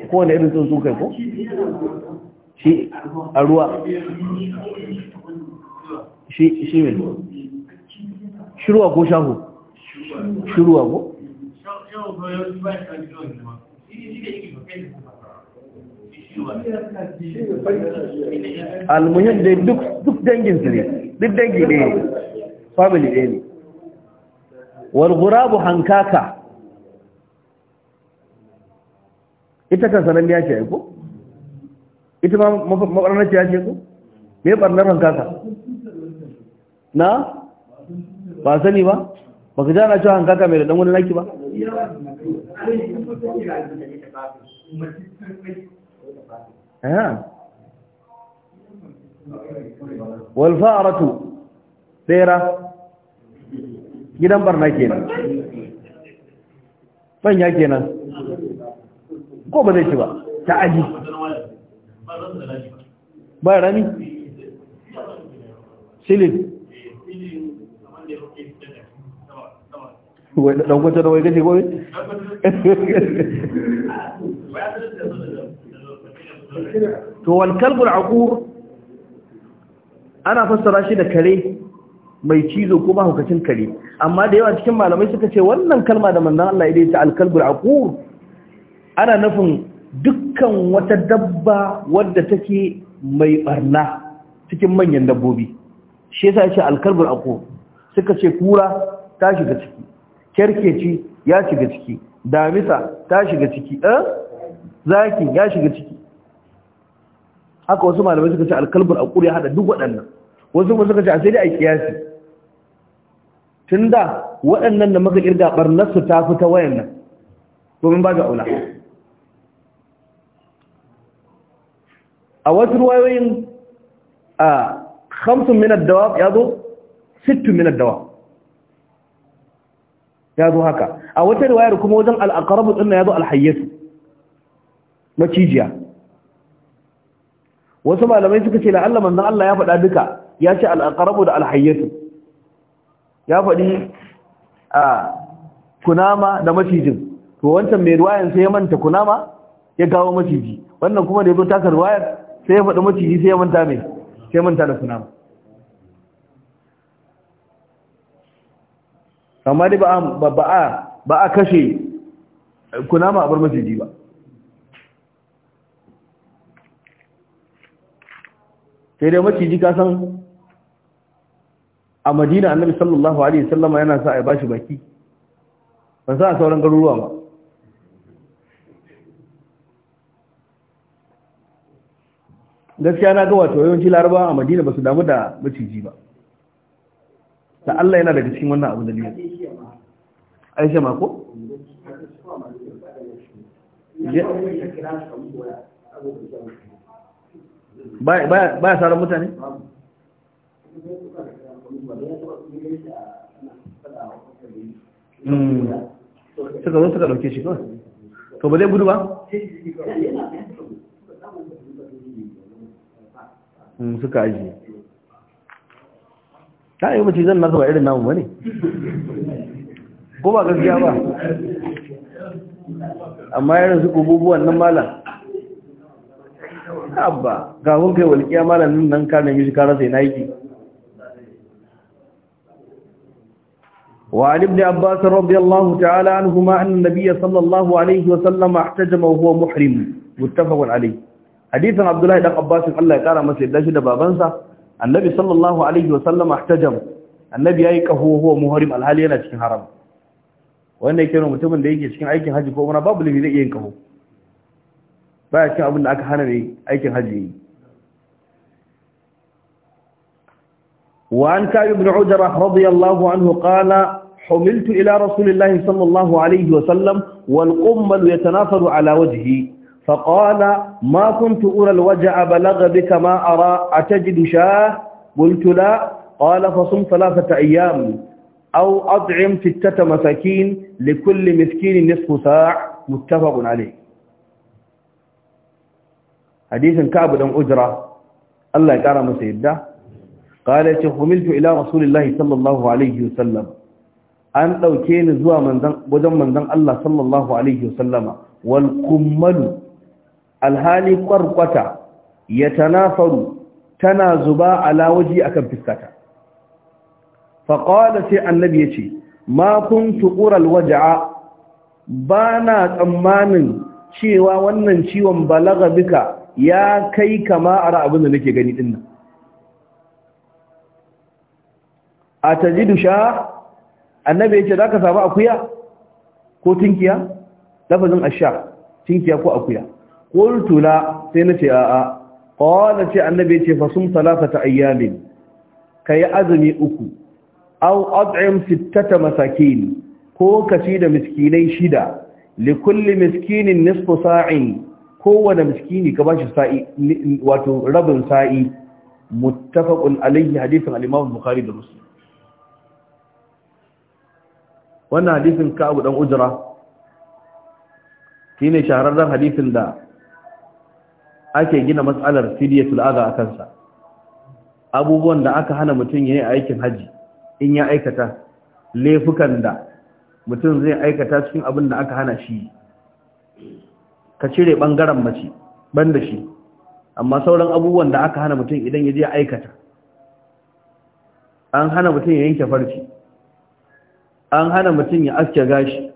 ko ne irin tsuntsu kai ko shi a ruwa shi shi ruwa ko shahu ruwa ko goyon bayan kan jiwon ne ma shi ne almuhim dai duk dangin su ne duk dangi ne family ɗaya ne walgurabu hankaka ita kan sanan ya ce ko ita ma maɓarnar ce ya ce ku? me ɓarnar hankaka na ba sani ba ba ka jana cewa hankaka mai da ɗan wani laki ba eh? walfa'aratu tsera gidan barna kenan fanya kenan ko ba zai ci ba ta aji ba rami silin Ɗan wai kome. to wal kalbul ana fassara shi da kare mai cizo ko mahaukacin kare amma da yawa cikin malamai suka ce wannan kalma da manzon Allah idai ta alkalbul ana nufin dukkan wata dabba wadda take mai barna cikin manyan dabbobi shi yasa yace ce alkalbul aqur suka ce kura ta shiga ciki kyarkeci ya shiga ciki damisa ta shiga ciki eh zaki ya shiga ciki haka wasu malamai suka ce alkalbul aqur ya hada duk waɗannan wasu kuma suka ce a sai dai a kiyasi tunda waɗannan da muka kirga barnar su ta fita nan domin ba ga aula a wasu ruwayoyin a khamsun min ad-dawab yazo sittu min ad-dawab ya zo haka a wata riwayar kuma wajen al'aqrabu din ya zo alhayyatu macijiya wasu malamai suka ce la'alla manzon Allah ya faɗa duka ya ce al'aqrabu da alhayyatu. ya faɗi a kunama da macijin to wancan mai riwayar sai ya manta kunama ya gawo maciji wannan kuma da ya zo takar riwayar sai ya faɗi maciji sai ya manta mai sai manta da kunama amma dai ba a kashe kunama a bar maciji ba sai dai maciji ka san a madina annabi sallallahu alaihi sallama yana sa a bashi baki ban sa a sauran garuruwa ba gaskiya na ga wato yawanci laraba a madina ba su damu da maciji ba ta Allah yana daga cikin wannan abu da biyu aisha ma ko ba ya sauran mutane hmm. suka zo suka dauke shi kawai to ba zai gudu ba hmm, suka ajiye ta yi mace zan nasu ba irin namu wani ko ba gaskiya ba amma irin su kububuwan nan mala abba gafin kai walƙiya mala nan nan ka nemi shi kara sai na naiki وعن ابن عباس رضي الله تعالى عنهما أن النبي صلى الله عليه وسلم احتجم وهو محرم متفق عليه حديث عبد الله بن عباس الله يقرأ مسجد داشد بابنسا annabi sallallahu alaihi wasallam ahtajam annabi yayi kaho huwa muhrim alhali yana cikin haram wanda yake ne mutumin da yake cikin aikin haji ko umra babu limi zai yin kaho baya cikin abin da aka hana ne aikin haji yi وعن كعب بن عجرة رضي الله عنه قال حملت إلى رسول الله صلى الله عليه وسلم والقمل يتناثر على وجهي فقال ما كنت أرى الوجع بلغ بك ما أرى أتجد شاه قلت لا قال فصم ثلاثة أيام أو أطعم ستة مساكين لكل مسكين نصف ساع متفق عليه حديث كعب بن أجرة الله يكرم سيدة قال تخملت إلى رسول الله صلى الله عليه وسلم أن لو كان زوا من ذن الله صلى الله عليه وسلم والقمل alhali kwarkwata ya tanafaru tana zuba ala waji akan fiskata faƙwada sai annabi ya ce ma kun tuƙural waja'a ba na tsammanin cewa wannan ciwon balaga bika ya kai kama a ra'abin da nake gani dinnan. A a tajidu sha annabi ya ce za ka samu akuya ko tinkiya lafazin asha tinkiya ko akuya qultu la sai nace a'a qala ce annabi ce fa sum salasata ayyamin kai azumi uku aw at'im sittata masakin ko ci da miskinai shida likulli miskinin nisfu sa'in kowane miskini ka bashi sa'i wato rabin sa'i muttafaqun alayhi hadithin al-imam bukhari da muslim wannan hadisin ka abu dan ujra shine shahararren hadisin da ake gina matsalar fidiyatul adha a kansa abubuwan da aka hana mutum yayin aikin haji in ya aikata laifukan da mutum zai aikata cikin abin da aka hana shi ka cire bangaren mace banda shi amma sauran abubuwan da aka hana mutum idan ya je aikata an hana mutum ya yanke farci an hana mutum ya aske gashi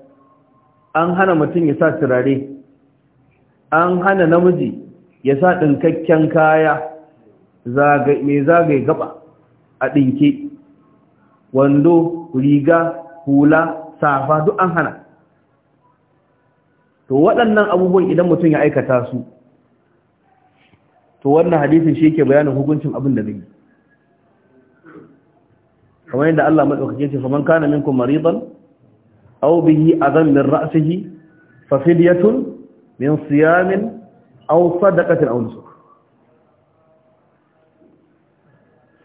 an hana mutum ya sa turare an hana namiji ya sa ɗinkakken kaya mai zagaye gaba a ɗinke wando riga hula safa duk an hana to waɗannan abubuwan idan mutum ya aikata su to wannan hadisin shi yake bayanin hukuncin abin da zai kamar yadda Allah maɗaukake ce faman kana minkum maridan aw bihi zan min ra'sihi fa fidyatun min siyamin aw sadaqatin aw nusuk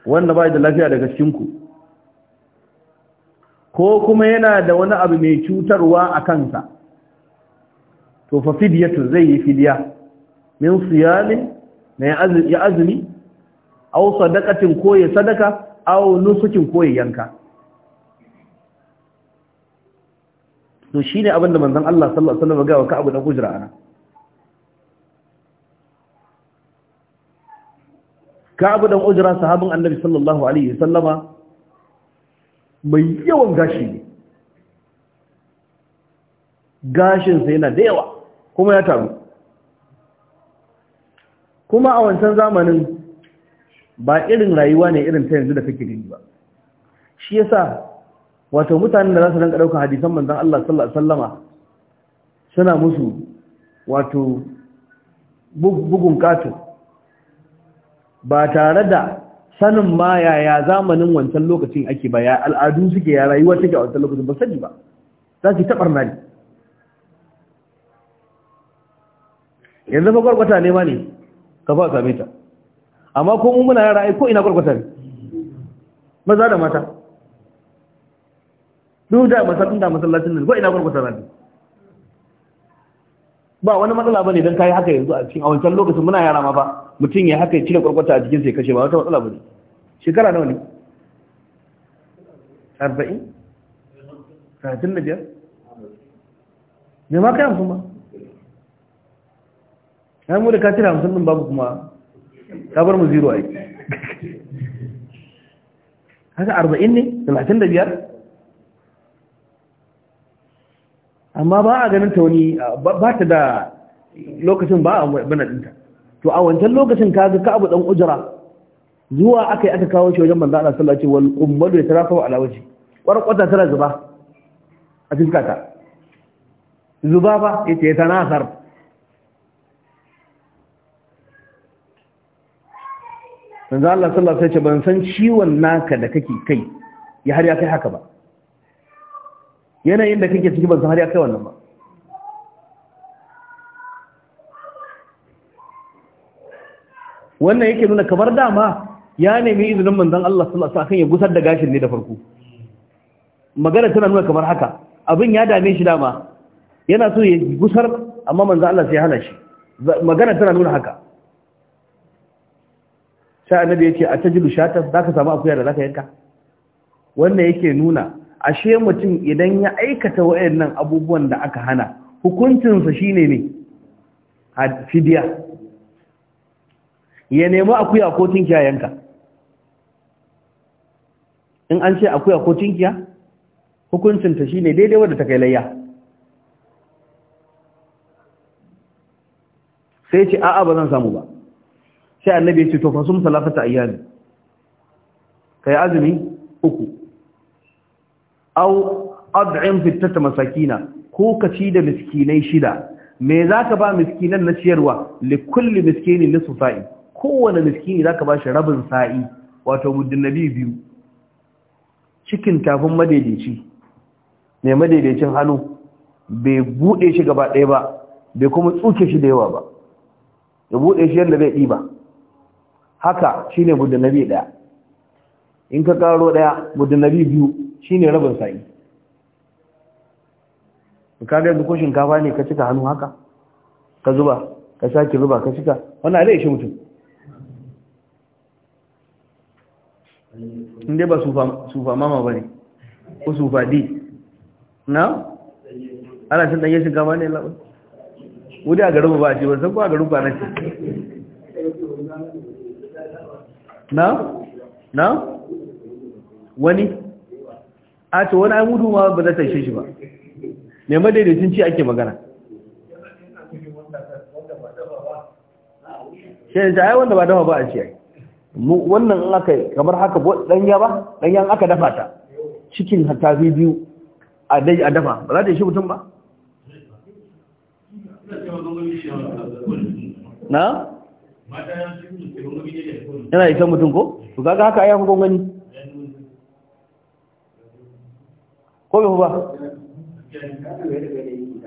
wanda bai da lafiya daga cikin ku ko kuma yana da wani abu mai cutarwa a kansa to fa fidyatu zai yi fidya min siyamin na ya azumi aw sadaqatin ko ya sadaka aw nusukin ko ya yanka to shine abin da manzon Allah sallallahu alaihi wasallam ga wa abu da Hujra ana ka'abu dan ujira sahabin annabi sallallahu alaihi wasallama mai yawan gashi ne gashinsa yana da yawa kuma ya taru kuma a wancan zamanin ba irin rayuwa ne irin ta yanzu da kake gani ba shi yasa wato mutanen da za su ranka ɗaukar hadisan manzan Allah sallallahu alaihi wasallama suna musu wato bugun katon ba tare da sanin ma yaya zamanin wancan lokacin ake ba ya al'adu suke ya rayuwa take a wancan lokacin ba sani ba za su taɓar na ne yanzu fa gwargwata ne ma ne ka fa same ta amma ko mun muna yara ko ina gwargwata ne maza da mata duk da masallacin da masallacin nan ko ina gwargwata ne ba wani matsala bane dan kai haka yanzu a cikin a wancan lokacin muna yara ma ba mutum ya haka ya cire kwarkwata a cikin sai kashe ba wata matsala bane shekara nawa ne 40 35 me ma kai hamsin ba ya mu da ka cire hamsin din babu kuma ka bar mu zero ai haka 40 ne 35 amma ba a ganin ta wani ba ta da lokacin ba a bana dinta to a wancan lokacin ka ga abu dan ujra zuwa akai aka kawo shi wajen manzo Allah sallallahu alaihi wasallam wal ummalu yatarafu ala wajhi warqata tara zuba a kata zuba ba yace nasar manzo Allah sallallahu alaihi wasallam ban san ciwon naka da kake kai ya har ya kai haka ba yanayin da kake ciki ban san har ya kai wannan ba wannan yake nuna kamar dama ya nemi izinin manzon Allah sallallahu alaihi wasallam ya gusar da gashin ne da farko magana tana nuna kamar haka abin ya dame shi dama yana so ya gusar amma manzon Allah sai ya hana shi magana tana nuna haka sai annabi yace a tajidu za zaka samu akuya da zaka yanka wannan yake nuna ashe mutum idan ya aikata waɗannan abubuwan da aka hana hukuncinsa shine ne A fidiya ya nemi akuya ko tinkiya yanka in an ce akuya ko tinkiya hukuncinta shine daidai wadda ta kai layya sai ce a'a ba zan samu ba sai annabi ya ce to fa sum salatata Ka kai azumi uku au ad'im fittata masakina ko ka ci da miskinai shida me zaka ba miskinan na ciyarwa li kulli miskini nisfu sa'i kowane miskini zaka ba shi rabin sa'i wato muddin nabi biyu cikin tafin madaidaici mai madaidaicin hannu bai bude shi gaba ɗaya ba bai kuma tsuke shi da yawa ba ya bude shi yadda bai ba. haka shine muddin nabi ɗaya in ka karo ɗaya muddin nabi biyu shine rabin sa'i ka ga yanzu ko shinkafa ne ka cika hannu haka ka zuba ka ki zuba ka cika wannan zai ishe mutum inda ba sufa mama ba ne ko sufa di na? ana cin ɗanye shinkafa ne labar wuri a garin ba ce ba san kuwa garin kwanan ce na? na? wani? a to wani ai mudu ma ba za ta ishe shi ba ne madaidaicin ci ake magana shi ne ai wanda ba dafa ba a ci wannan an aka kamar haka danya ba an aka dafa ta cikin hatta biyu a dai a dafa ba za ta ishe mutum ba na? yana isa mutum ko? to kaga haka ayyakon gani ko bai ba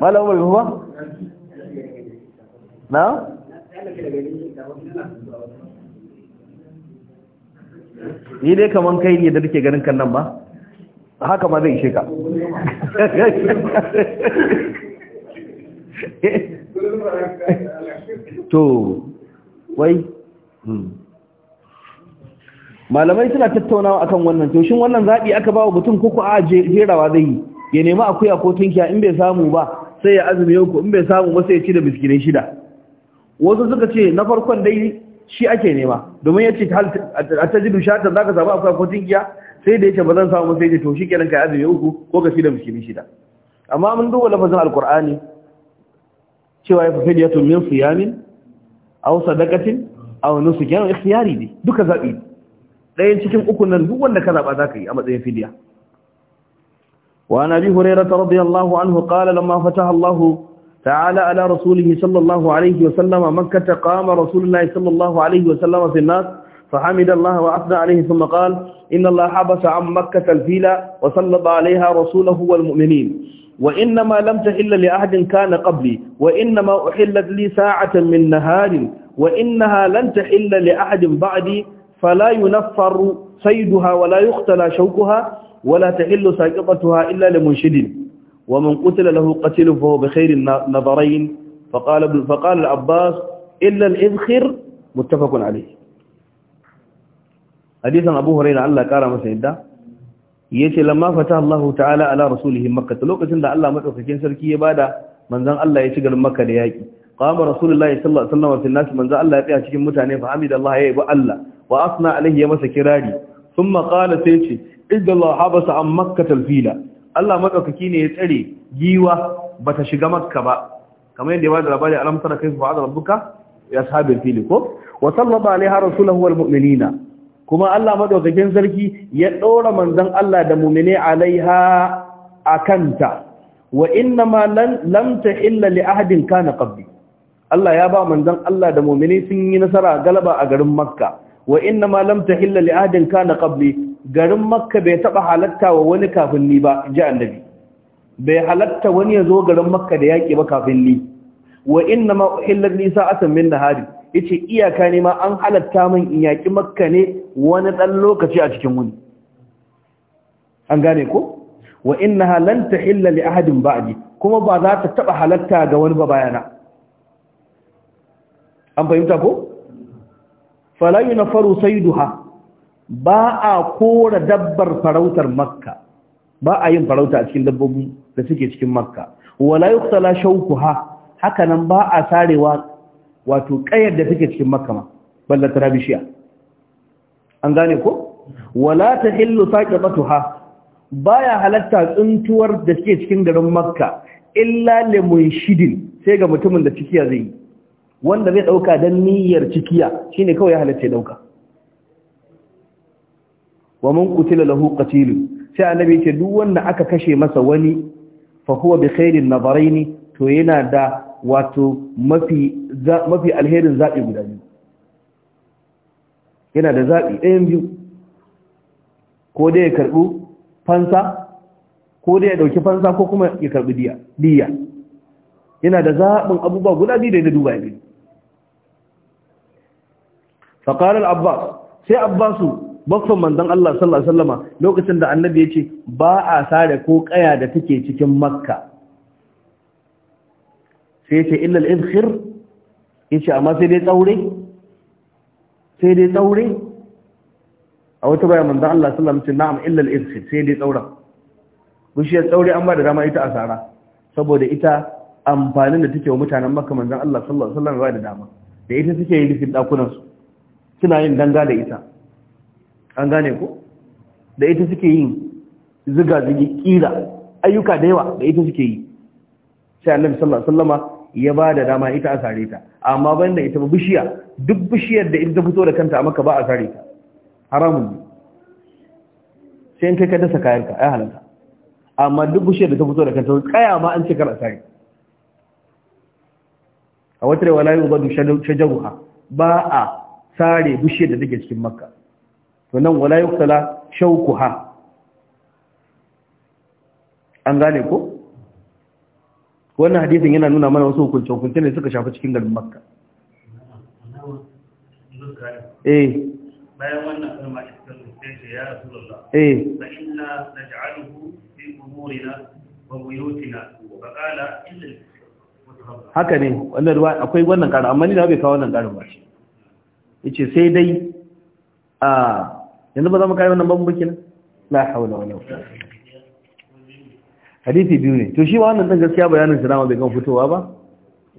malam umar bai ba na ni dai kaman kai ne da nake ganin kan nan ba haka ma zai ishe ka [laughs] to wai hmm. malamai suna tattaunawa akan wannan to shin wannan zabi aka ba wa mutum ko ku a jerawa zai yi ya nemi akuya ko tunkiya in bai samu ba sai ya azumi uku in bai samu ba sai ya ci da biskire shida wasu suka ce na farkon dai shi ake nema domin ya ce a ta jidu shatan za ka samu akuya ko tunkiya sai da ya ce ba zan samu sai ya to shi kenan ka azumi uku ko ka ci da biskire shida amma mun duba lafazin alkur'ani cewa ya fadiyatun min siyamin aw sadaqatin aw nusuk ikhtiyari ne duka zabi ɗaya cikin ukun nan duk wanda ka zaɓa za ka yi a matsayin fidiya. Wa na bi hurera ta anhu ƙala lamma fataha Allah ta'ala ala rasulihi sallallahu alaihi wa sallama makka ta ƙama rasulullahi sallallahu alaihi wa sallama fi nas fa hamida Allah wa asna alaihi sun maƙal inna Allah habasa an makka talfila wa sallaba alaiha rasulahu wal mu'minin. Wa inna ma lam ta illa li kana qabli wa inna ma uhillat li sa'atan li ahadin ba'di fala yunaffaru sayduha wala yuqtala shawquha wala tahillu saqitatuha illa limunshidin wa man qutila lahu qatilun fa huwa bi khairin nadarayn فقال فقال العباس إلا الإذخر متفق عليه حديثا أبو هريرة الله كارم سيدا yace lamma fataha Allah ta'ala ala rasulih makka lokacin da Allah madaukakin sarki ya bada manzon Allah ya ci garin maka da yaki qama rasulullahi sallallahu alaihi wasallam fil nas manzo Allah ya tsaya cikin mutane fa Allah ya bi Allah wa asna alaihi ya masa kirari thumma qala sai ce idda Allah habasa an makkah alfila Allah madaukaki ne ya tsare giwa bata shiga makka ba kamar yadda ya bada labari alam tara kayfa fa'ala rabbuka ya sahabil fili ko wa sallaba alaiha rasulahu wal mu'minina kuma Allah madaukakin sarki ya ɗora manzon Allah da mu'mine alaiha akanta wa inna ma lam tahilla li ahadin kana qabli Allah ya ba manzon Allah da mu'mini sun yi nasara galaba a garin Makka wa inna ma lam tahilla li ahadin kana qabli garin Makka bai taba halatta wa wani kafin ni ba ji annabi bai halatta wani ya zo garin Makka da yaki ba kafin ni wa inna ma uhillat li sa'atan min nahari yace iyaka ne ma an halatta min in yaki Makka ne wani dan lokaci a cikin wani. an gane ko wa innaha lan tahilla li ahadin ba'di kuma ba za ta taba halatta ga wani ba bayana an fahimta ko fala yunfaru sayduha ba a kora dabbar farautar makka ba a yin farauta a cikin dabbobin da suke cikin makka wala yuqtala shawkuha haka nan ba a sarewa wato kayar da take cikin makka ma balla tarabishiya an gane ko wala tahillu saqibatuha baya halatta tsuntuwar da suke cikin garin makka illa limunshidin sai ga mutumin da cikiya zai yi wanda zai dauka dan niyyar cikiya shine kawai ya halatta ya dauka wa man qutila lahu qatil sai annabi ce duk wanda aka kashe masa wani fa huwa bi khairin nadarain to yana da wato mafi mafi alherin zabi guda biyu yana da zabi ɗayan biyu ko dai ya karbu fansa ko dai ya dauki fansa ko kuma ya karɓi diya diya yana da zaɓin abubuwa guda biyu da ya duba ya Faƙarar al-abbas sai abbasu bakon manzon Allah sallallahu alaihi wasallama lokacin da annabi ya ce ba a sare ko kaya da take cikin makka sai ce illal al-idkhir ce amma sai dai tsaure sai dai tsaure a wata baya manzon Allah sallallahu alaihi wasallam na'am illal al sai dai tsaura bishiyar tsaure an ba da dama ita asara saboda ita amfanin da take wa mutanen makka manzon Allah sallallahu alaihi wasallam ba da dama da ita take yi rufin dakunan suna yin danga da ita an gane ku. da ita suke yin ziga-zigi kira ayyuka da yawa da ita suke yi sai annabi sallallahu alaihi wasallama ya ba da dama ita a sare ta amma ban da ita bishiya duk bishiyar da ita fito da kanta maka ba a sare ta haramun ne sai in kai ka dasa kayanka ai halanta amma duk bishiyar da ta fito da kanta kaya ma an ce kar a sare a wata rewa la yubadu shajaruha ba a sare bushe da take cikin makka to nan wala yuktala shawkuha an gane ko wannan hadisin yana nuna mana wasu hukunce hukunce ne suka shafi cikin garin makka eh bayan wannan kalma ita ce ya rasulullah eh fa inna naj'aluhu fi umurina wa buyutina fa qala illa haka ne wannan akwai wannan karin amma ni da bai kawo wannan karin ba shi yace sai dai a yanzu ba za mu kai wannan babu kenan la haula wala quwwata hadisi biyu ne to shi ba wannan dan gaskiya bayanin sa bai kan fitowa ba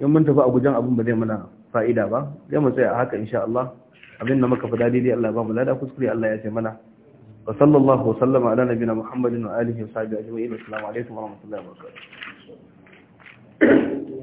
in mun tafi a gujen abin ba zai mana fa'ida ba zai mu tsaya haka insha Allah abin da muka fada daidai Allah ba mu lada kuskure Allah ya ce mana wa sallallahu wa sallama ala nabiyina Muhammadin wa alihi wa sahbihi ajma'in assalamu alaikum wa rahmatullahi wa barakatuh